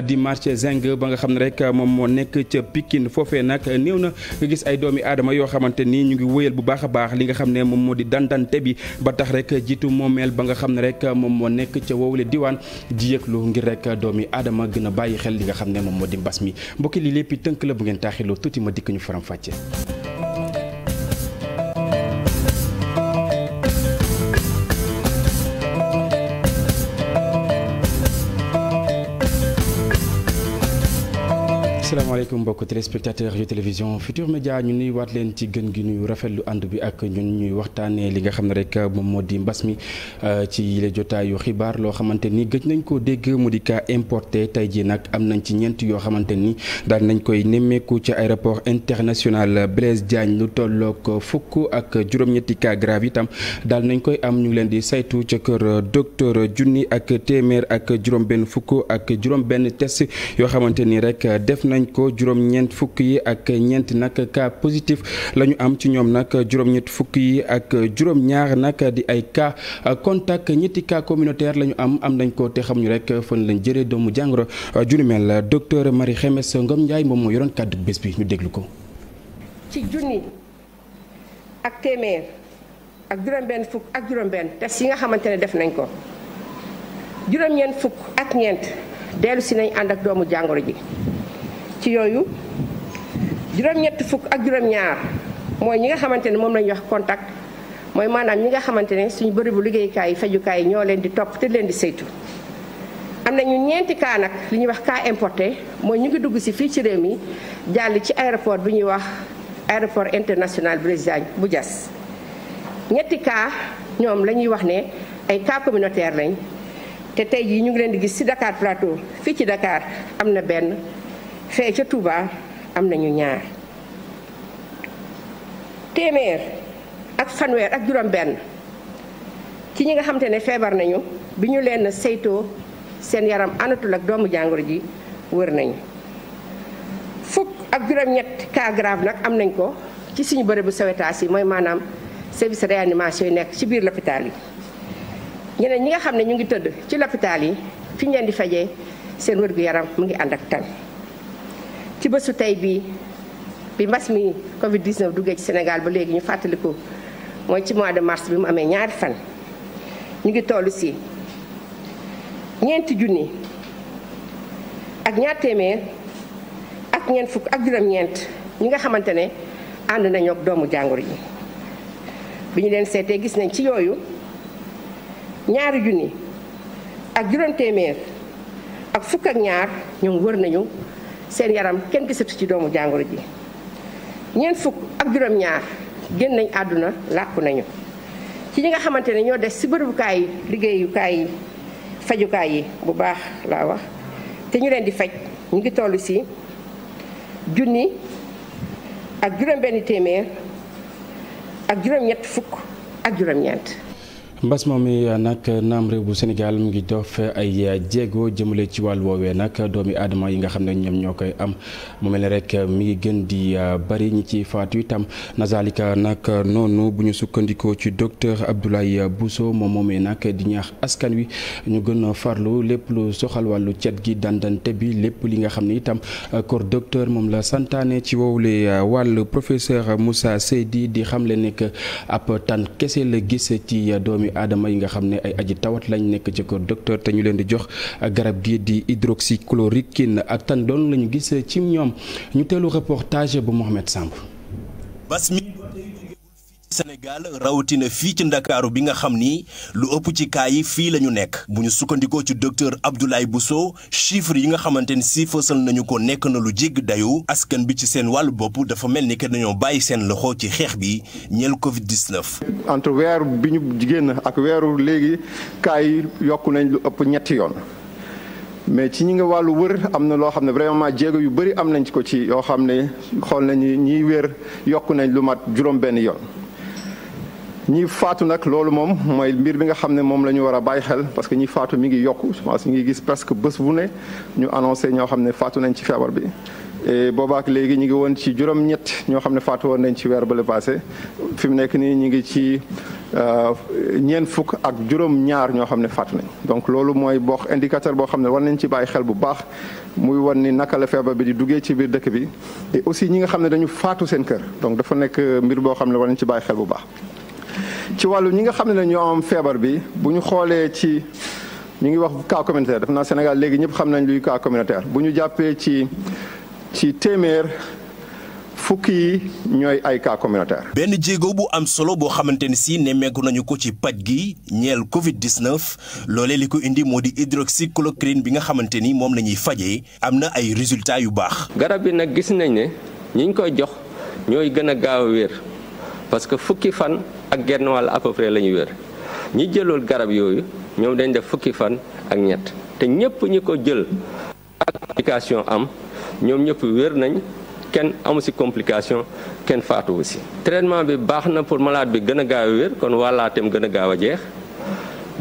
di marché zinc ba nga xam ne rek moom moo nekk ca pikin foofee nag néew na nga gis ay doomi aadama yoo xamante ni ñu ngi wéyal bu baax a baax li nga xam ne moom moo di dandante bi ba tax rek jiitu moomeel ba nga xam ne rek moom moo nekk ca woowule diwaan di yëglu ngir rek doomi aadama gën a bàyyi xel li nga xam ne moom moo di mbas mi mbokki lii lépp tënk la bu ngeen taaxiloo tuuti ma dikk ñu faram asalaamaaleykum mbokk téléspectateur yu télévision Futur Média ñu nuy waat leen ci gën gi nuyu rafetlu ànd bi ak ñu ñuy waxtaanee li nga xam ne rek moom moo di mbas mi euh, ci yile jotaayu xibaar loo xamante ni gëj nañ koo dégg mu di cas importé tey jii nag am nañ ci ñeent yoo xamante ni daal nañ koy nemmeeku ci aéroport international Blaise Diagne lu tolloog fukk ak juróom-ñetti cas grave itam daal nañ koy am ñu ngi leen di saytu ca kër euh, docteur junni ak téeméer ak juróom fukk ak juróom-benn test yoo xamante nañ fukk yi ak ñeent nag cas positif la ñu am ci ñoom nag juróom fukk yi ak juróom nag di ay cas contact ñetti cas communautaire la ñu am am nañ ko te xamuñu rek fan lañ jëre doomu jàngoro jurumel docteur Marie Xemes Ngom moom moo yoroon kàddu bés bi ñu déglu ko. ci junni ak téeméer ak juróom-benn fukk ak juróom-benn yi nga xamante ne def nañ ko juróom-ñeent fukk ak ñeent dellu si nañ ànd ak doomu jàngoro ji. ci yooyu juróom-ñetti fukk ak juróom-ñaar mooy ñi nga xamante ne moom lañuy wax contact mooy maanaam ñi nga xamante ne suñu bëri bu liggéeykaay yi fajukaay yi ñoo leen di topp te leen di saytu. am nañu ñeenti cas nag li ñuy wax kaa importe mooy ñu ngi dugg si fii ci réew mi jàll ci aéroport bi ñuy wax aéroport international Blaise Diagne bu jaas ñetti kaa ñoom la ñuy wax ne ay cas communautaire lañ te tey jii ñu ngi leen di gis ci Dakar Plateau fii ci Dakar am na benn. fee ca Touba am nañu ñaar téeméer ak fanweer ak juróom-benn ci ñi nga xamante ne feebar nañu bi ñu leen saytoo seen yaram anatul ak doomu jàngoro ji wër nañu fukk ak juróom-ñett cas grave nag am nañ ko ci suñu bërëbu sawetaas yi mooy maanaam service réanimation yu nekk ci biir l'hôpital yi ñeneen ñi nga xam ne ñu ngi tëdd ci l'hôpital yi fi ñeen di fajee seen wër gu yaram mu ngi ànd ak tan ci bësu tey bii bi mbas mi Covid 19 duggee ci senegal ba léegi ñu fàttaliku mooy ci mois de mars bi mu amee ñaari fan ñu ngi tollu si ñeenti junni ak ñaar téeméer ak ñeent fukk ak juróom-ñeent ñi nga xamante ne ànd nañoo doomu jàngoro yi bi ñu leen seetee gis nañ ci yooyu ñaari junni ak juróom téeméer ak fukk ak ñaar ñoom wër nañu. seen yaram kenn gisatu ci doomu jàngoro ji ñeent fukk ak juróom-ñaar génn nañ àdduna làkku nañu ci ñi nga xamante ne ñoo des ci bërëbukaay liggéeyukaay yi fajukaay yi bu baax laa wax te ñu leen di faj ñu ngi toll ci junni ak juróom-benn téeméer ak juróom-ñett fukk ak juróom-ñeent mbas moom mi nag naam réew bu Sénégal mu ngi def ay jéego jëmale ci wàll woowee nag doomi aadama yi nga xam ne ñoom ñoo koy am mu mel ne rek mi ngi gën di ah, bari ñi ci faatu itam nazalika nag noonu bu ñu sukkandikoo ci docteur Abdoulaye Bousso moom moomee nag di ñaax askan wi ñu gën farlu lépp lu soxal wàllu cet gi dandante bi lépp li nga xam ne itam ah, corps docteur moom la santaane ci wowule ah, wàll professeur Moussa Seydi di xam le nekk ab tànn kese la gis ci doomi aadama yi nga xam ne ay aji tawat lañu nekk ci kër docteur te ñu leen di jox ak garab gi di hydroxychloroquine ak tan doon lañu gis ci ñoom ñu teelu reportage bu Mohamed Samb Sénégal rawatina fii ci ndakaaru bi nga xam ni lu ëpp ci kaa yi fii la ñu nekk bu ñu sukkandikoo ci docteur Abdoulaye Bousso chiffre yi nga xamante ni si fësal nañu ko nekk na lu jégg dayu askan bi ci seen wàllu bopp dafa mel ni que dañoo bàyyi seen loxo ci xeex bi ñeel Covid 19. entre weer bi ñu jigéen na ak weeru léegi kaa yi yokku nañ lu ëpp ñetti yoon. mais ci ñi nga wàllu wër am na loo xam ne vraiment jéego yu bari am nañ ko ci yoo xam ne xool nañu ñiy wér yokku nañ lu mat juróom yoon. ñii faatu nag loolu moom mooy mbir bi nga xam ne moom la ñu war a bàyyi xel parce que ñii faatu mu ngi yokk je pense ñu ngi gis presque bés bu ne ñu annoncé ñoo xam ne faatu nañ ci feebar bi. et boobaak léegi ñu ngi woon ci juróom ñoo xam ne faatu woon nañ ci weer ba le fi mu nekk nii ñu ngi ci euh, ñeent fukk ak juróom-ñaar ñoo xam ne faatu donc loolu mooy bokk indicateur boo xam ne war nañ ci bàyyi xel bu baax muy wan ni naka la feebar bi di duggee ci biir dëkk bi et aussi ñi nga xam ne dañu faatu seen kër donc dafa nekk euh, mbir boo xam ne war nañ ci bàyyi xel bu baax. ci wàllu ñi nga xam ne ñoo am feebar bi bu ñu xoolee ci ñu ngi wax cas communautaire def naa Sénégal léegi ñëpp xam nañ luy cas communautaire bu ñu jàppee ci ci téeméer fukk yi ñooy ay cas communautaire. benn jéego bu am solo boo xamante ni si nemmeeku nañu ko ci paj gi ñeel Covid 19 loolee li ko indi moo di hydroxychloroquine bi nga xamante ni moom la ñuy fajee am na ay résultats yu baax. garab bi nag gis nañ ne ñi ñu koy jox ñooy gën a gaaw a wér parce que fukki fan. ak genn wàll à peu la ñu wér ñi jëlul garab yooyu ñoom dañ def fukki fan ak ñett te ñëpp ñi ko jël ak complication am ñoom ñëpp wér nañ kenn amu si complication kenn faatuwu si traitement bi baax na pour malade bi gën a gaaw a wér kon wàllaateem gën a gaaw a jeex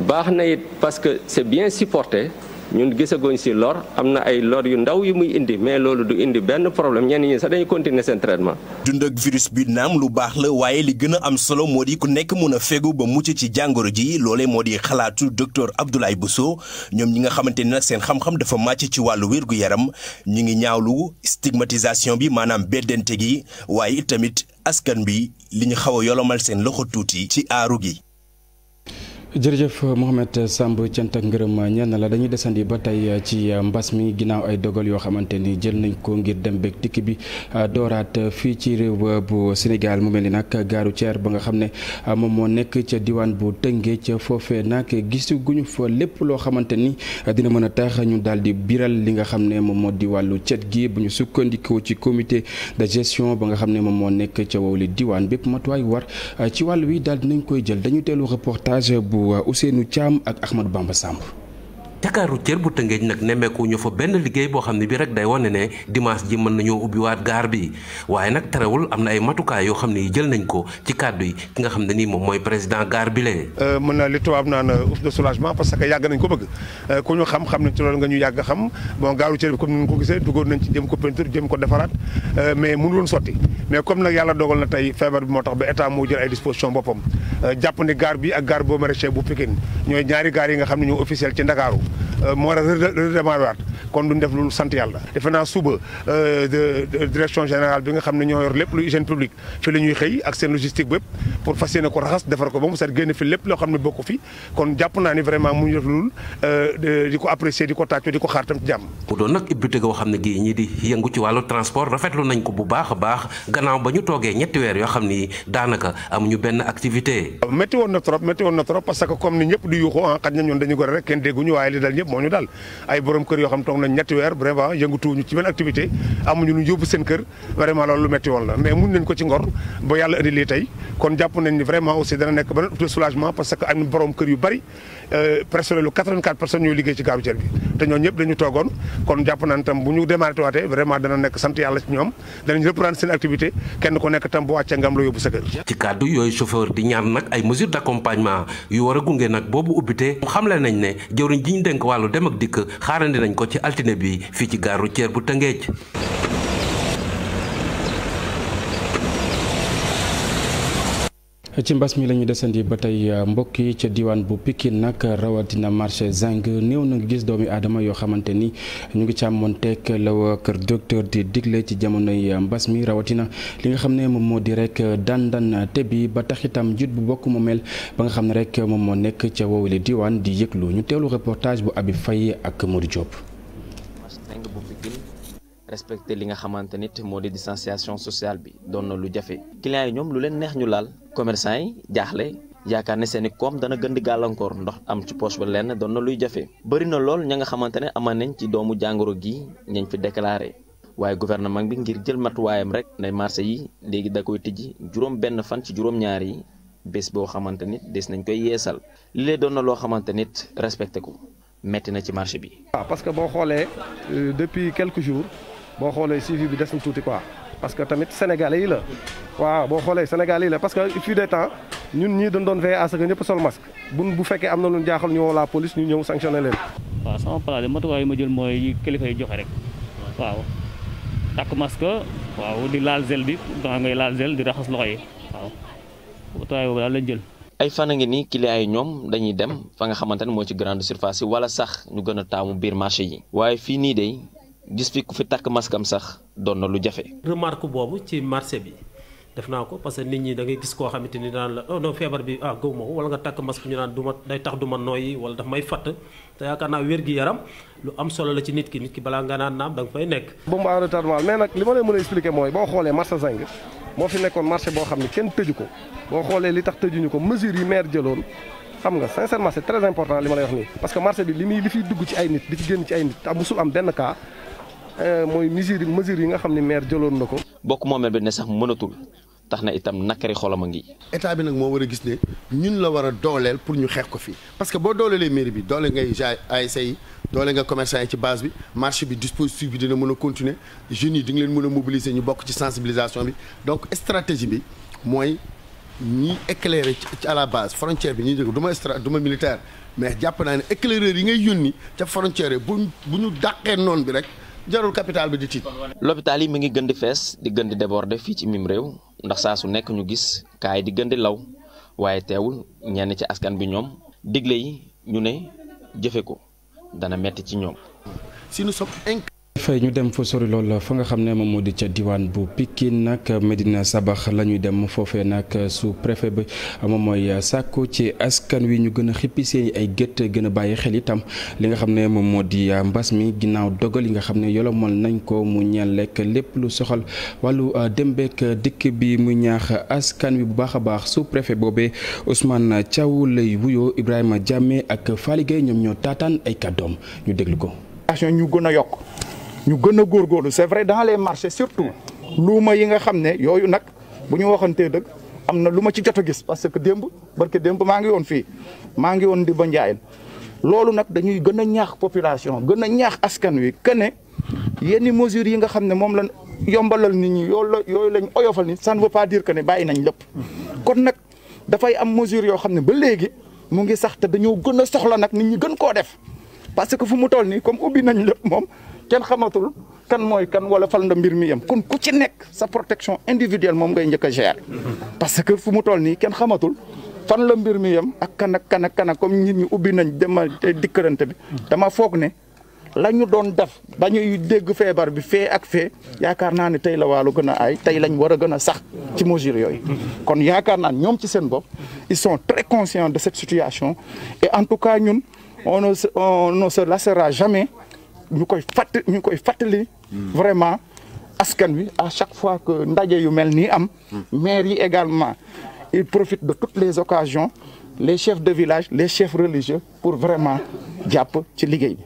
baax na it parce que c'est bien supporté ñun gisaguñ si lor am na ay lor yu ndaw yu muy indi mais loolu du indi benn problème ñenn ñi sax dañuy continuer seen traitement. dund ak virus bi naam lu baax la waaye li gën a am solo moo di ku nekk mun a fegu ba mucc ci jàngoro ji loolee moo di xalaatu docteur Abdoulaye Bousso ñoom ñi nga xamante ni nag seen xam-xam dafa màcc ci wàllu wérgu yaram ñu ngi ñaawlu stigmatisation bi maanaam beddente gi waaye itamit askan bi li ñu xaw a yolomal seen loxo tuuti ci aaru gi. jërëjëf Mouhamed Samb cant ak ngërëm ñenn la dañuy desandi ba tey ci mbas mi ginnaaw ay dogal yoo xamante ni jël nañ ko ngir dem beeg dikk bi dooraat fii ci réew bu Sénégal mu mel ni nag gaaru ceer ba nga xam ne moom moo nekk ca diwaan bu tëngee ca foofee nag gisaguñu fa lépp loo xamante ni dina mën a tax ñu daal di biral li nga xam ne moom moo di wàllu cet gi bu ñu sukkandikoo ci comité de gestion ba nga xam ne moom moo nekk ca wowli diwaan bépp matuwaay war ci wi daal dinañ koy jël bu Ousseynou Thiam ak Ahmadou Bamba Samb Dakar routier bu Tëngéej nag nemmeeku ñu fa benn liggéey boo xam ne bii rek day wane ne dimanche ji mën nañoo ubbiwaat gaar bi waaye nag terewul am na ay matukaay yoo xam ne jël nañ ko ci kàddu yi ki nga xam ne nii moom mooy président gaar bi lee. Euh, mën na li tubaab naan euh, ouf de soulagement parce que yàgg ko bëgg euh, xam xam nañ loolu nga ñu yàgg xam bon gaar routier bi comme ni ko gisee duggoon nañ ci ko peinture jëm ko defaraat mais mënuloon sotti mais comme nag yàlla dogal na tey feebar bi moo tax ba état moo jël ay disposition boppam jàpp ni gaar bi ak gaar boo maraîcher bu Pikine ñooy ñaari gaar yi nga xam ne ñu officiel ci Euh, moo war a redémarrer waat kon duñ def loolu sant yàlla defe naa suba euh, direction générale bi nga xam ne ñoo yor lépp lu hygiène publique fi la ñuy xëy ak seen logistique bépp pour fas yéene ko raxas defar ko ba mu set génn fi lépp loo xam ne bokk fi kon jàpp naa ni vraiment mu ñu def loolu euh, di ko apprécier di ko tàccu di ko xaar tam ci jàmm. mu doon nag ubbite goo xam ne gii ñi di yëngu ci wàllu transport rafetlu nañ ko bu baax a baax gannaaw ba ñu toogee ñetti weer yoo xam ni daanaka amuñu benn activité. métti woon na trop métti woon na trop parce que comme ni ñëpp di yuuxu ah xaj na ñoon dañu gore rek kenn dégguñu waaye dal ñëpp moo ñu dal ay borom kër yoo xam toog nañ ñetti weer vraiment yëngatuwuñu ci benn activité amuñu lu yóbbu seen kër ba yàlla indi tey kon jàpp nañ ni vraiment aussi dana nekk parce que am na borom euh, ngam la yóbbu sa kër ci kàddu yooyu chauffeur di ñaan nag ay mesures d'accompagnement yu war gunge nag boobu ubbite xam le nañ ne jëwriñ jiñ dénk wàllu dem ak dikk xaarandi nañ ko ci altine bi fii ci gare routière bu Tëngéej ci mbas mi la ñu desandi ba tey euh, mbokk yi ca diwaan bu Pikine nag rawatina marché zinc néew na nga gis doomi aadama yoo xamante ni ñu ngi càmmoon teg la kër docteur di digle ci jamonoy euh, mbas mi rawatina li nga xam ne moom moo di rek euh, dandan tebi ba tax itam jiit bu bokk mu mel ba nga xam ne rek moom moo nekk ca woowule diwaan di yëglu ñu teewlu reportage bu Abi fay ak Modou Diop. respecter li nga xamante nit moo di distanciation sociale bi doon na lu jafe clients yi ñoom lu leen neex ñu laal commerçant yi jaaxle yaakaar ne seeni koom dana gën di gàllankoor ndox am ci poche ba lenn doon na luy jafe bëri na lool ña nga xamante ne amaan nañ ci doomu jàngoro gi ñañ fi déclaré waaye gouvernement bi ngir jël matuwaayam rek ne marché yi léegi da koy tijji juróom benn fan ci juróom ñaar bés boo xamante nit des nañ koy yeesal li lee doon na loo xamante nit respecté ko metti na ci marché bi. Ah, boo xoolee suivi bi des na tuuti quoi parce que tamit sénégalais yi la waaw boo xoolee sénégalais yi la parce que fii des temps ñun ñii dañ doon veillé à ce sol masque buñ bu fekkee am na lu jaaxal ñu woo la police ñu ñëw sanctionné leen. waaw sama plan de matuwaay ma jël mooy kilifa yi joxe rek waaw takk masque waaw di laal zel bi ngay laal zel di raxas loxo yi waaw matuwaay boobu daal lañ jël. ay fan a ngi nii client yi ñoom dañuy dem fa nga xamante ne moo ci grande surface yi wala sax ñu gën a taamu biir marché yi waaye fii nii de gis fi ku fi takk masque sax doon na lu jafe. remarque boobu ci marché bi def naa ko parce nit ñi da gis koo xamante ni daan la oh non feebar bi ah, gëw ma ko wala nga takk masque ñu naan day tax du ma nooyi wala daf may fatt te yaakaar naa wér gi yaram lu am solo la ci nit ki nit ki balaa nga naan naam da fay nekk. bombe à retardement mais nag li ma leen mën a expliquer mooy boo xoolee marché Zing moo fi nekkoon marché boo xam ne kenn tëju ko boo xoolee li tax tëjuñu ko mesures yi maire Euh, mooy mesure mesure yi nga xam ne maire jëloon na ko. bokk moomeel bi ne sax mënatul tax na itam nakari xolam a ngi. état bi nag moo war a gis ne ñun la war a dooleel pour ñu xeex ko fii parce que boo dooleelee mairie bi doole ngay ja ASC yi doole nga commerçant yi ci base bi marché bi dispositif bi dina mën a continuer jeunes yi di nga leen mën a mobiliser ñu bokk ci sensibilisation bi donc stratégie bi mooy. ñi éclairer ci à la base frontière bi ñuy jóg ma extra du ma militaire mais jàpp naa ne éclaireur yi ngay yónni ca frontière yi bu bu ñu dàqee noon bi rek jarul capital bi di tiit. l'hôpital yi mu ngi gën di fees di gën di déborder fii ci mim réew ndax saa su nekk ñu gis kaay di gën di law waaye teewul ñenn ci askan bi ñoom digle yi ñu ne jëfe ko dana metti ci ñoom. fay ñu dem fa sori lool fa nga xam ne moom moo di ca diwaan bu Pikine nag Medina Sabax la ñuy dem foofee nag su préfet bi moom mooy sàkku ci askan wi ñu gën a xippi seen ay gët gën a bàyyi xel itam li nga xam ne moom moo di mbas mi ginnaaw dogal yi nga xam ne yolomal nañ ko mu ñeel lekk lépp lu soxal wàllu dem beek dikk bi mu ñaax askan wi bu baax a baax su préfet boobee Ousmane Thiaw lay wuyoo Ibrahima jàmmee ak Faly Gueye ñoom ñoo taataan ay kàddoom ñu déglu ko. ñu gën a góorgóorlu c'est vrai dans les marchés surtout luuma yi nga xam ne yooyu nag bu ñu waxantee dëgg am na lu ma ci jot a gis parce que démb barke démb maa ngi woon fii maa ngi woon di ba Ndiaye loolu nag dañuy gën a ñaax population gën a ñaax askan wi que ne yenn mesures yi nga xam ne moom la yombalal nit ñi yooyu yooyu lañ oyofal nit ça ne veut pas dire que ne bàyyi nañ lépp kon nag dafay am mesure yoo xam ne ba léegi mu ngi sax te dañoo gën a soxla nag nit ñi gën koo def parce que fu mu toll nii comme ubbi nañ lépp moom kenn xamatul kan mooy kan wala fal na mbir mi yam kon ku ci nekk sa protection individuelle moom ngay njëkk a gérer parce que fu mu toll nii kenn xamatul fan la mbir mi yem ak kan ak kan ak kan comme nit ñi ubbi nañ dema dikkarante bi dama foog ne la ñu doon def ba ñuy dégg feebar bi fee ak fee yaakaar naa ne tey la waalu gën a aay tey lañ war a gën a sax ci mesure yooyu kon yaakaar naa ñoom ci seen bopp ils sont très conscients de cette situation et en tout cas ñun on ne on ne se lassera jamais ñu koy fàtt ñu koy fàttali. vraiment askan wi à chaque fois que ndaje yu mel nii am. maire yi également ils profitent de toutes les occasions les chefs de village les chefs religieux pour vraiment jàpp ci liggéey bi.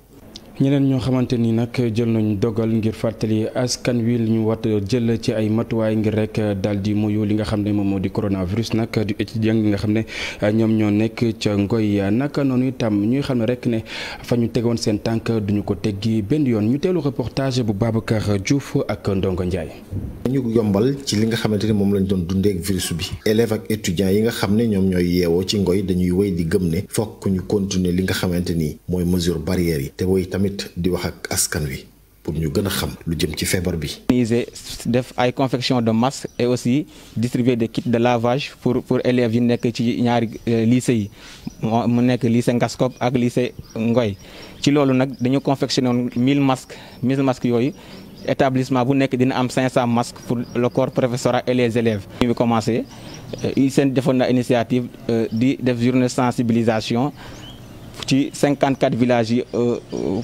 ñeneen ñoo xamante ni nag jël nañ dogal ngir fàttali askan wi ñu war jël ci ay matuwaay ngir rek daal di muyu li nga xam ne moom moo di coronavirus nag di étudiant yi nga xam ne ñoom ñoo nekk ca ngoy naka noonu itam ñuy xam ne rek ne fa ñu tegoon seen tànk duñu ko teg teggi benn yoon ñu teelu ko reportage bu Babacar Diouf ak Ndongo Ndiaye. ñu yombal ci li nga xamante ni moom lañ doon dundeek virus bi élèves ak étudiants yi nga xam ne ñoom ñooy yeewoo ci ngoy dañuy wéy di gëm ne fokk ñu continuer li nga xamante ni mooy mesure barrière yi tamit di wax ak askan wi pour ñu gën a xam lu jëm ci feebar bi. organiser def ay confection de masques et aussi distribuer de kits de lavage pour pour élèves yi nekk ci ñaari euh, lycée yi mu nekk lycée Ngaskop ak lycée Ngoy ci loolu nag dañu confectionné woon 1000 masques 1000 masques yooyu. établissement bu nekk dina am 500 masques pour le corps professoral et les élèves. ñu ngi commencé euh, seen defoon initiative euh, di def journée sensibilisation. ci cinquante 54 villages yi euh, euh,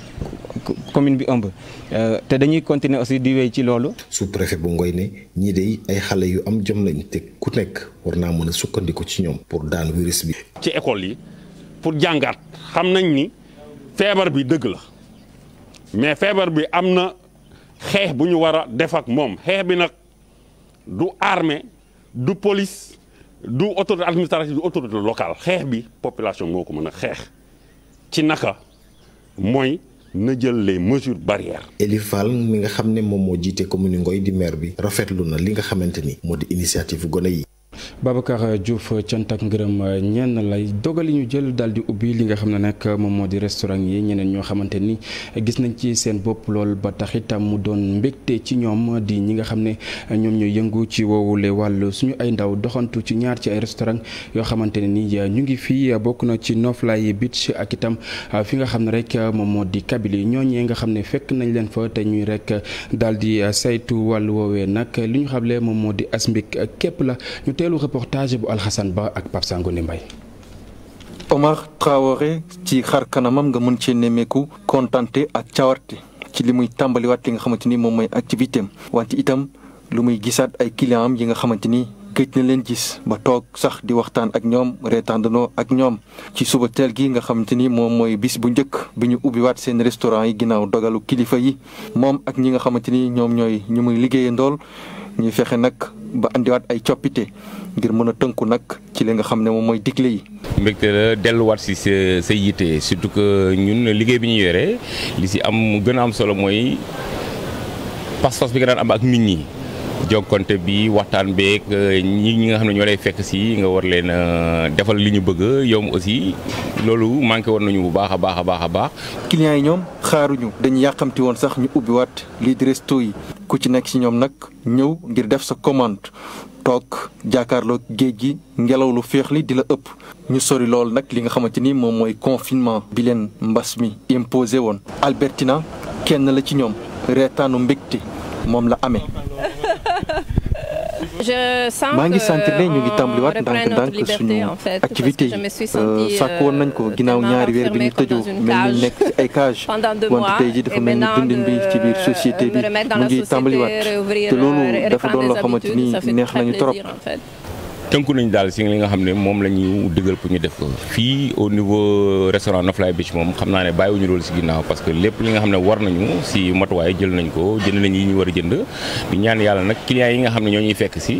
commune bi ëmb euh, te dañuy continuer aussi di wéy ci loolu. sous préfet bu Ngoy ne ñii de ay xale yu am jom lañ te ku nekk war naa mën a sukkandiku ci ñoom. pour daan virus bi. ci école yi pour jàngaat xam nañ ni feebar bi dëgg la mais feebar bi am na xeex bu ñu war a def ak moom xeex bi nag du armée du police du autorité administrative du autorité locale xeex bi population moo ko mën a xeex. ci naka mooy na jël les mesures barrières. Eli Fall mi nga xam ne moom moo jiite commune Ngoy di maire bi rafetlu na li nga xamante ni moo di initiative gone yi. Babacar Diouf cant ak ngërëm ñenn lay dogal yi ñu jël daal di ubbi li nga xam ne nag moom moo di restaurant yi ñeneen ñoo xamante ni gis nañ ci seen bopp lool ba tax itam mu doon mbégte ci ñoom di ñi nga xam ne ñoom ñooy yëngu ci woowule wàll suñu ay ndaw doxantu ci ñaar ci ay restaurant yoo xamante ne ni ñu ngi fii bokk na ci Noflay Beach ak itam fi nga xam ne rek moom moo di Kabylie ñooñee nga xam ne fekk nañ leen fa te ñuy rek daal di saytu wàll woowee nag li ñu xamle moom moo di asmbik képp la ñaareelu reportage bu Alxasan Ba ak Pape Sangoné Mbaye Omar Traoré ci xar kanamam nga mën cee nemmeeku kontante ak cawarte ci li muy tàmbaliwaat li nga xamante ni moom mooy activité am wante itam lu muy gisaat ay client yi nga xamante ni gëj na leen gis ba toog sax di waxtaan ak ñoom reetaandanoo ak ñoom ci suba teel gi nga xamante ni moom mooy bis bu njëkk bi ñu ubbiwaat seen restaurant yi ginnaaw dogalu kilifa yi moom ak ñi nga xamante ni ñoom ñooy ñu muy liggéeyandool ngir mën a tënku nag ci li nga xam ne moom mooy digle yi. mbégte la delluwaat si sa sa yitte surtout que ñun liggéey bi ñu yore li si am gën a am solo mooy pas-pas bi nga daan am ak nit ñi. jonkante bi waxtaan beeg euh, ñi ñi nga xam ne ñoo lay fekk si nga war leen euh, defal li ñu bëgg yow aussi loolu manqué woon nañu bu baax a baax a baax a baax. clients yi ñoom xaaruñu dañu yàqamti woon sax ñu ubbiwaat lii di resto yi ku ci nekk si ñoom nag ñëw ngir def sa commande toog jàkkaarloo géej gi ngelaw lu féex li di la ëpp ñu sori lool nag li nga xamante ni moom mooy confinement bi leen mbas mi imposé woon. Albertina kenn la ci ñoom reetaanu mbégte moom la amee. je sens maa ngi sant ne ñu ngi tàmbaliwaat ndànk-ndànk suñu activité yi sàkk euh, woon euh, nañ ko ginnaaw ñaari weer bi ñu tëjoo mel ni nekk ci ay cage wante tey ji dafa mel ni dundin bi ci biir société euh, bi mu ngi tàmbaliwaat te loolu dafa doon loo xamante ni neex nañu trop. tënku nañu daal si li nga xam ne moom la ñu pour ñu def ko fii au niveau restaurant Noflaye Beach moom xam naa ne bàyyiwuñu loolu si ginnaaw parce que lépp li nga xam ne war nañu si matuwaay jël nañ ko jënd nañ yi ñu war a jënd di ñaan yàlla nag clients yi nga xam ne ñoo ñuy fekk si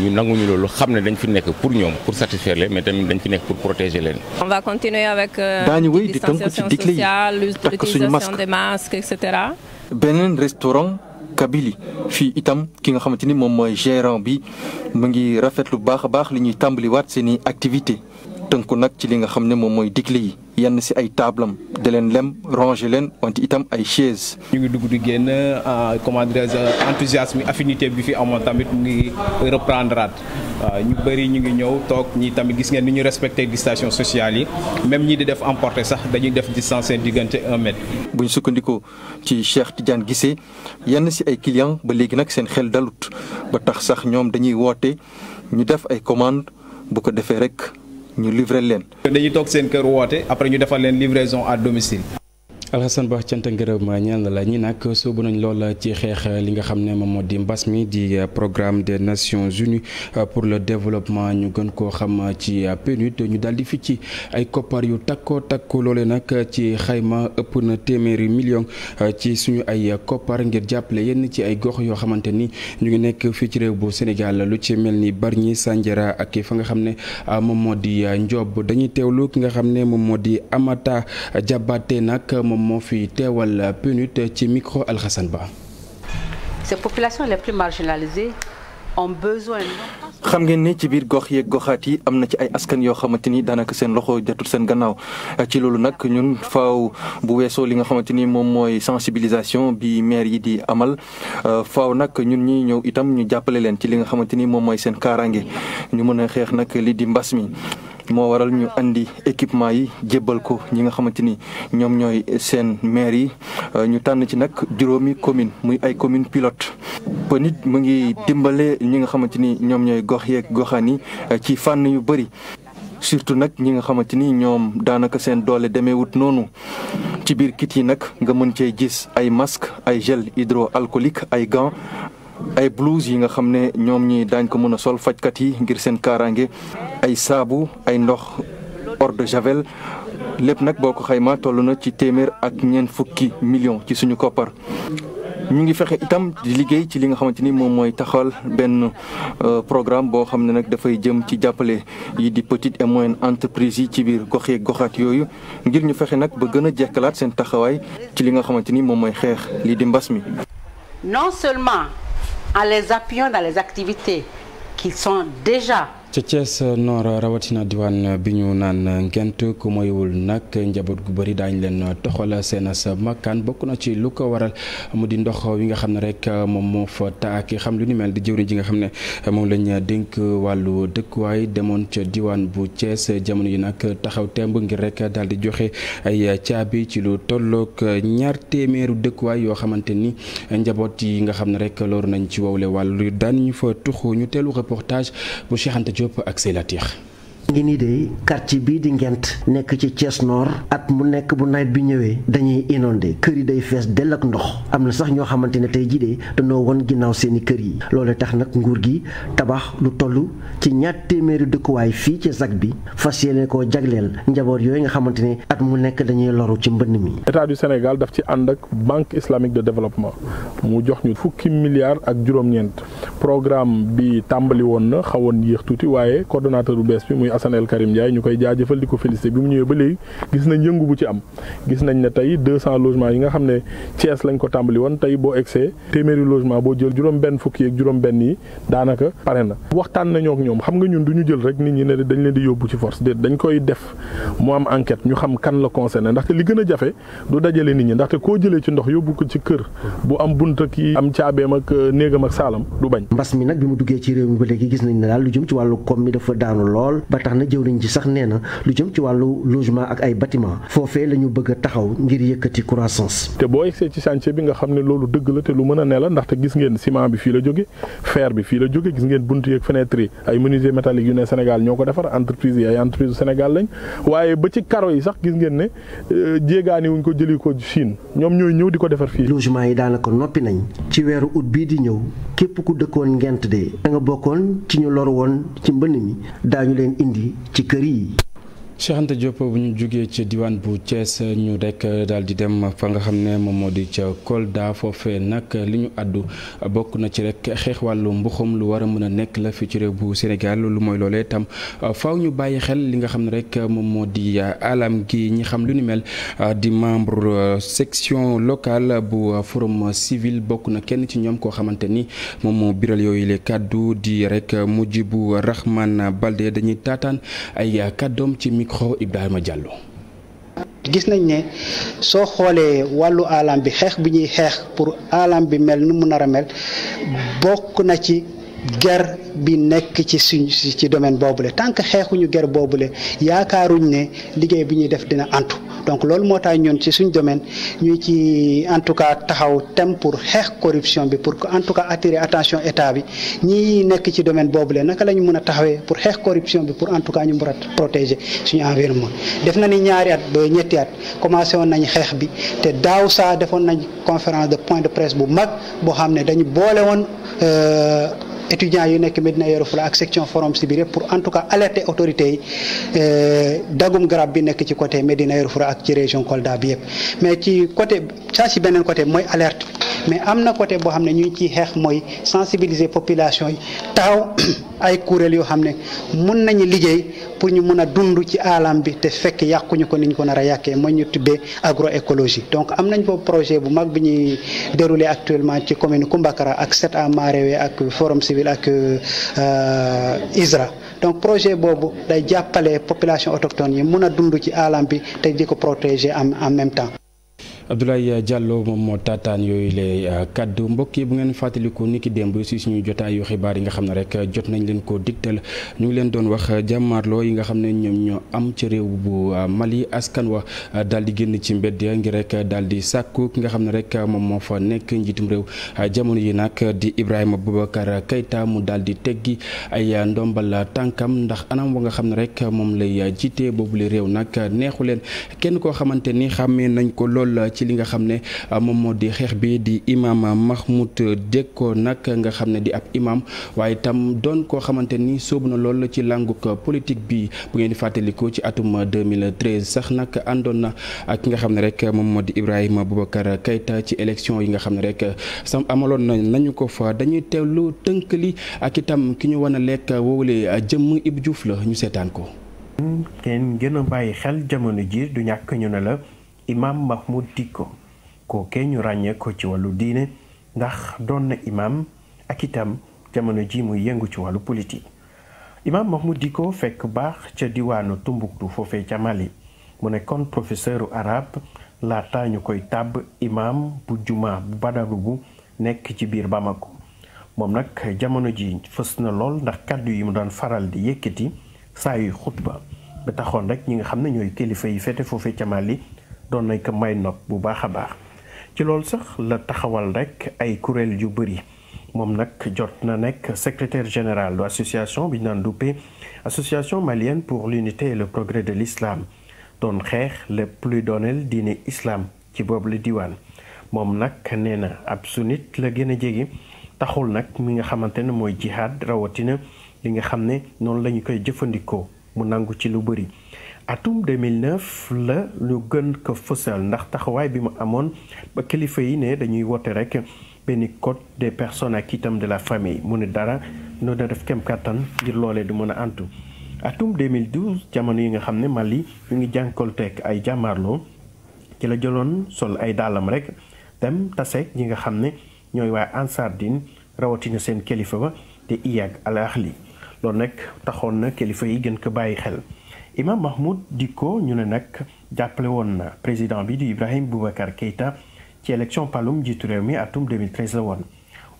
ñu nanguñu loolu xam ne dañ fi nekk pour ñoom pour satisfaire leen mais tamit dañ fi nekk pour protéger leen. on va continuer avec. Euh, daañu wéy di tënku ci Kabili fii itam ki nga xamante ni moom mooy géran bi mu ngi rafet lu baax a baax li ñuy tàmbaliwaat seen i activité tënku nag ci li nga xam ne moom mooy digle yi. yenn si ay tablam de leen lem rongé leen wante itam ay chaise ñu ngi dugg di génn euh, comment dirais enthousiasme affinité bi fi amoon tamit ngi reprendre at euh, ñu bëri ñu ngi ñëw toog ñi tamit gis ngeen ni ñu respecté distanciation sociale yi même ñi di def emporté sax dañuy def distance seen diggante un mètre. bu ñu sukkandikoo ci Cheikh Tidiane Guissé yenn si ay clients ba léegi nag seen xel dalut ba tax sax ñoom dañuy woote ñu def ay commande bu ko defee rek. ñu livrer leen. dañuy toog seen kër woote après ñu defal leen livraison à domicile. Alxasan Ba cant ngërëm ñeel na la ñi nag sóobu nañ lool ci xeex li nga xam ne moom moo di mbas mi di programme des Nations Unies pour le développement ñu gën koo xam ci PNUD ñu daal di fi ci ay koppar yu takko takku loole nag ci xayma ëpp na téeméeri million ci suñu ay koppar ngir jàppale yenn ci ay gox yoo xamante ni ñu ngi nekk fii ci réew bu Sénégal lu ci mel ni ñi Sandiara ak fa nga xam ne ah, moom moo di Ndiob dañuy teewlu ki nga xam ne moom moo di Amata Jabaate nag moo fi teewal PNUD ci micro Alxasan Ba. ces populations les plus marginalisées ont besoin. xam ngeen ni ci biir gox yeeg goxaat yi am na ci ay askan yoo xamante ni daanaka seen loxo jotul seen gannaaw ci loolu nag ñun faaw bu weesoo li nga xamante ni moom mooy sensibilisation bi maire yi di amal euh, faaw nag ñun ñi ñëw itam ñu jàppale leen ci li nga xamante ni moom mooy seen kaaraange ñu mën a xeex nag li di mbas mi. moo waral ñu indi équipement yi jébbal ko ñi nga xamante ni ñoom ñooy seen maire yi euh, ñu tànn ci nag juróomi commune muy ay commune pilote ba nit mu ngi dimbale ñi nga xamante ni ñoom ñooy gox yeeg goxaan yi euh, ci fànn yu bëri surtout nag ñi nga xamante ni ñoom daanaka seen doole demeewut noonu ci biir kit yi nag nga mën cee gis ay masque ay gel hydroalcoolique ay gants ay blouse yi nga xam ne ñoom ñi daañ ko mën a sol fajkat yi ngir seen kaaraange ay saabu ay ndox eau de javel lépp nag boo ko xayma toll na ci téeméer ak ñeent fukki million ci suñu koppar. ñu ngi fexe itam di liggéey ci li nga xamante ni moom mooy taxawal benn euh, programme boo xam ne nag dafay jëm ci jàppale yi di petite et entreprise yi ci biir gox yeeg goxaat yooyu ngir ñu fexe nag ba gën a jekkalaat seen taxawaay ci li nga xamante ni moom mooy xeex lii di mbas mi. en les appuyant dans les activités qui sont déjà ca Thiès Nord rawatina diwaan bi ñu naan ngent ku moywul nag njaboot gu bëri daañ leen toxal seen a sa makkan bokk na ci lu ko waral mu di ndox wi nga xam ne rek moom moo fa taaki xam lu ni mel di jëwriñ ji nga xam ne moom lañ dénk wàllu dëkkuwaay demoon ca diwaan bu cees jamono yi nag taxaw temb ngir rek daal di joxe ay caabi ci lu tollook ñaar téeméeru dëkkuwaay yoo xamante ni njaboot yi nga xam ne rek loolu nañ ci wowle wàllu daan ñu fa tuxu ñu teelu reportage bu Cheikh Anta Diop ak Seylatir ngi nii de quartier bii di Ngent nekk ci Thiès noor at mu nekk bu nawet bi ñëwee dañuy inondé kër yi day fees dell ak ndox am na sax ñoo xamante ne tey jii de dañoo won ginnaaw seeni kër yi loole tax nag nguur gi tabax lu toll ci ñaar téeméeri dëkkuwaay fii ci ZAC bi fas yéene koo jagleel njaboot yooyu nga xamante ne at mu nekk dañuy loru ci mbënn mi. état du Sénégal daf ci ànd ak banque islamique de développement mu jox ñu fukki milliards ak juróom programme bi tàmbali woon na xawoon yéex tuuti waaye coordonnateur bu bees Colonel Karim Ndiaye ñu koy jaajëfal di ko félicité bi mu ñëwee ba léegi gis nañ yëngu bu ci am gis nañ ne tey 200 logements yi nga xam ne Thiès lañ ko tàmbali woon tey boo egsee téeméeri boo jël juróom-benn fukki juróom-benn yi daanaka pare na waxtaan nañoo ñoom xam nga ñun du ñu jël rek nit ñi ne dañ leen di yóbbu ci force déet dañ koy def mu am enquête ñu xam kan la concerné ndaxte li gën a jafe du dajale nit ñi ndaxte koo jëlee ci ndox yóbbu ko ci kër bu am bunt ak am caabeem ak euh, néegam ak saalam du bañ mbas mi nag bi mu duggee ci réew mi ba gis nañ ne daal lu jëm ci wàllu koom mi dafa daanu lool ba tax na jëwriñ ji sax nee na lu jëm ci wàllu logement ak ay bâtiment foofee la bëgg taxaw ngir yëkkati croissance. te boo egsee ci chantier bi nga xam ne loolu dëgg la te lu mën a ne la ndaxte gis ngeen ciment bi fii la jóge fer bi fii la jóge gis ngeen bunt yeeg fenêtre yi ay menuisier métallique yu ne Sénégal ñoo ko defar entreprise yi ay entreprise du Sénégal lañ waaye ba ci karo yi sax gis ngeen ne euh, jéegaani wuñ ko jëli ko Chine ñoom ñooy ñëw di ko defar fii. logement yi daanaka noppi nañ ci weeru ut bii di ñëw képp ku dëkkoon ngent de da nga ci ñu lor woon ci mbënn mi ci kër yi Cheikh Anta Diop bu ñu jógee ci diwaan bu Thiès ñu rekk daal di dem fa nga xam ne moom moo di ca Kolda foofee nag li ñu àddu bokk na ci rek xeex wàllu mbuxum lu war a mën a nekk la fi ci bu Sénégal lu mooy loolee tam faaw ñu bàyyi xel li nga xam ne rek moom moo di alam gi ñi xam lu ni mel di membre section locale bu forum civil bokk na kenn ci ñoom koo xamante ni moom moo biral yooyu les kàddu di rek Mujibu Rahman Balde dañuy taataan ay kàddoom micro Ibrahima Diallo. gis nañ ne soo xoolee wàllu alam bi xeex bi ñuy xeex pour alam bi mel ni mu nar a mel bokk na ci ger bi nekk ci suñ ci domaine boobule tant que xeexuñu ger boobule yaakaaruñ ne liggéey bi ñuy def dina antu donc loolu moo tax ñun ci suñ domaine ñu ci en tout cas taxaw tem pour xeex corruption bi pour que en tout cas attirer attention état bi ñi nekk ci boobule naka la ñu mën a taxawee pour xeex corruption bi pour en tout cas protéger suñu environnement def na ni ñaari at ba ñetti at commencé woon nañu xeex bi te daaw saa defoon nañ conférence de point de presse bu mag boo xam ne dañu boole woon euh, étudiants yu nekk Medina Yoro Fula ak section forom si biir yëpp pour en tout cas alerter autorités yi euh, dagum garab bi nekk ci côté Medina Yoro Fula ak ci région Kolda bi yëpp mais ci côté saa si beneen côté mooy alerte. mais am na côté boo xam ne ñu ngi ciy xeex mooy sensibiliser population yi taxaw ay kuréel yoo xam ne mun nañu liggéey pour ñu mun a dund ci alam bi te fekk yàquñu ko niñ ko nar yàqee mooy ñu agro agroécologie donc am nañ foofu projet bu mag bi ñuy déroulé actuellement ci commune Kumbakara ak set a Marewe ak forum civil ak euh, ISRA donc projet boobu day jàppale population autochtone yi mun a dundu ci alam bi te di ko protéger en en même temps Abdoulaye Diallo moom moo tataan yooyu lay euh, kàddu mbokk yi bu ngeen fàttaliku niki démb si suñu jotaayu xibaar yi nga xam ne rek euh, jot nañ leen koo digtal ñu ngi leen doon wax euh, jàmmaarloo yi nga xam ne ñoom ñoo am ca réew bu Mali askan wa daal di génn ci mbedd ngir rek daal di sàkku ki nga xam ne rek moom moo fa nekk njiitum réew jamono yi nag di Ibrahima Boubacar Keïta mu daal di teggi ay ndombal tànkam ndax anam wa nga xam ne rek moom lay jiite boobule réew nag neexu leen ci li nga xam ne euh, moom moo di xeex bi di imam Mahmoud Dekko nag nga xam ne di ab imaam waaye itam doon koo xamante ni sóobu na lool ci làngug politique bi bu ngeen di fàttalikoo ci atum 2013 sax nag àndoon na ak ki nga xam ne rek moom moo di Ibrahima Boubacar Keïta ci élection yi nga xam ne rek euh, sam amaloon na nañu ko fa dañuy teewlu tënk li ak itam ki ñu wan a lekk woowule euh, jëmm Ibou juuf la ñu seetaan ko. kenn ji du ñàkk ñu ne la. imaam Mahmoud Dikko kookee ñu ràññee ko ci wàllu diine ndax doon na imaam ak itam jamono ji muy yëngu ci wàllu politique imaam Mahmoud Dikko fekk baax ca diwaanu Tumbuktu foofe ca Mali mu nekkoon professeuru arabe laata ñu koy tàbb imaam bu juma bu Badarugu nekk ci biir Bamako moom nag jamono ji fës na lool ndax kàddu yi mu daan faral di yëkkati saa yuy xutba ba taxoon rek ñi nga xam ne ñooy kilifa yi fete foofe ca Mali doon nañ may nopp bu baax a baax ci loolu sax la taxawal rek ay kuréel yu bëri moom nag jot na nekk secretaire général de l'association bi ñu naan duppee association malienne pour l'unité et le progrès de lislaam doon xeex lépp luy dooneel diine islam ci boobu la diwaan moom nag nee na ab nit la gën a jege taxul nag mi nga xamante ne mooy jihaad rawatina li nga xam ne noonu lañu koy jëfandikoo mu nangu ci lu bëri atum 2009 la ñu gën ko fësal ndax taxawaay bi mu amoon ba kilifa yi ne dañuy woote rek benn code des personnes kitam de la famille mu ne dara noo da def kem kàttan ngir loolee du mën a antu atum 2012 jamono yi nga xam ne Mali ñu ngi tekk ay jàmmaarloo ci la jëloon sol ay dàllam rek dem tase ñi nga xam ne ñooy waa Ansar Dine rawatina seen kilifa ba te IAG al Ahli loolu nag taxoon na kilifa yi gën ko bàyyi xel. Imam Mahmoud Dicko ñu ne nag jàppale woon na président bi di Ibrahim Boubacar Keïta ci élection palum jiitu réew mi atum 2013 la woon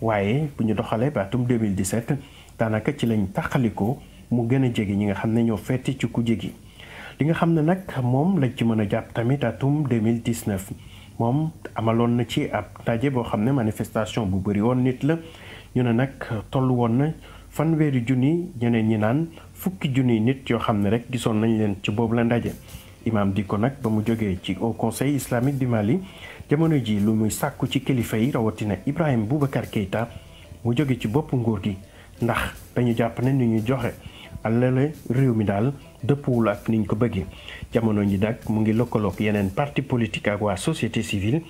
waaye bu ñu doxalee ba atum 2017 daanaka ci lañ taxaliko mu gën a jege ñi nga xam ne ñoo fetti ci ku jegi li nga xam ne nag moom lañ ci mën a jàpp tamit atum 2019 moom amaloon na ci ab ndaje boo xam ne manifestation bu bëri woon nit la ñu ne nag toll woon na fanweeri junni ñeneen ñi naan fukki junniy nit yoo xam ne rek gisoon nañ leen ci boobu la ndaje imaam di ko nag ba mu jógee ci au conseil islamique du Mali jamono ji lu muy sàkku ci kilifa yi rawatina Ibrahim Boubacar Keïta mu jóge ci bopp nguur gi ndax dañu jàpp ne ni ñu joxe alale réew mi daal dëppuwul ak niñ ko bëggee jamono ji nag mu ngi lëkkaloog yeneen parti politique ak waa société civile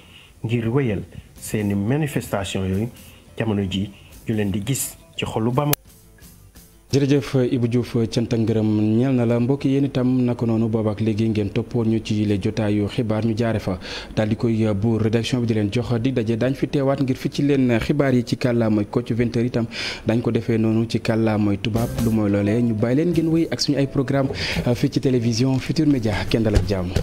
ngir wéyal seeni manifestation yooyu jamono ji ñu leen di gis ci xolu Bamako jërëjëf Ibou Diouf cant ak ngërëm ñeel na la mbokk yéen itam naka noonu boobaak léegi ngeen toppoon ñu ci les jotaayu xibaar ñu jaare fa daal di koy buur rédaction bi di leen jox di daje daañ fi teewaat ngir fi ci leen xibaar yi ci kàllaamooy ko ci 20 itam dañ ko defee noonu ci kàllaamooy tubaab lu mooy loolee ñu bàyyi leen ngeen wéy ak suñu ay programme fii ci télévision Futur Média kenn dal ak jàmm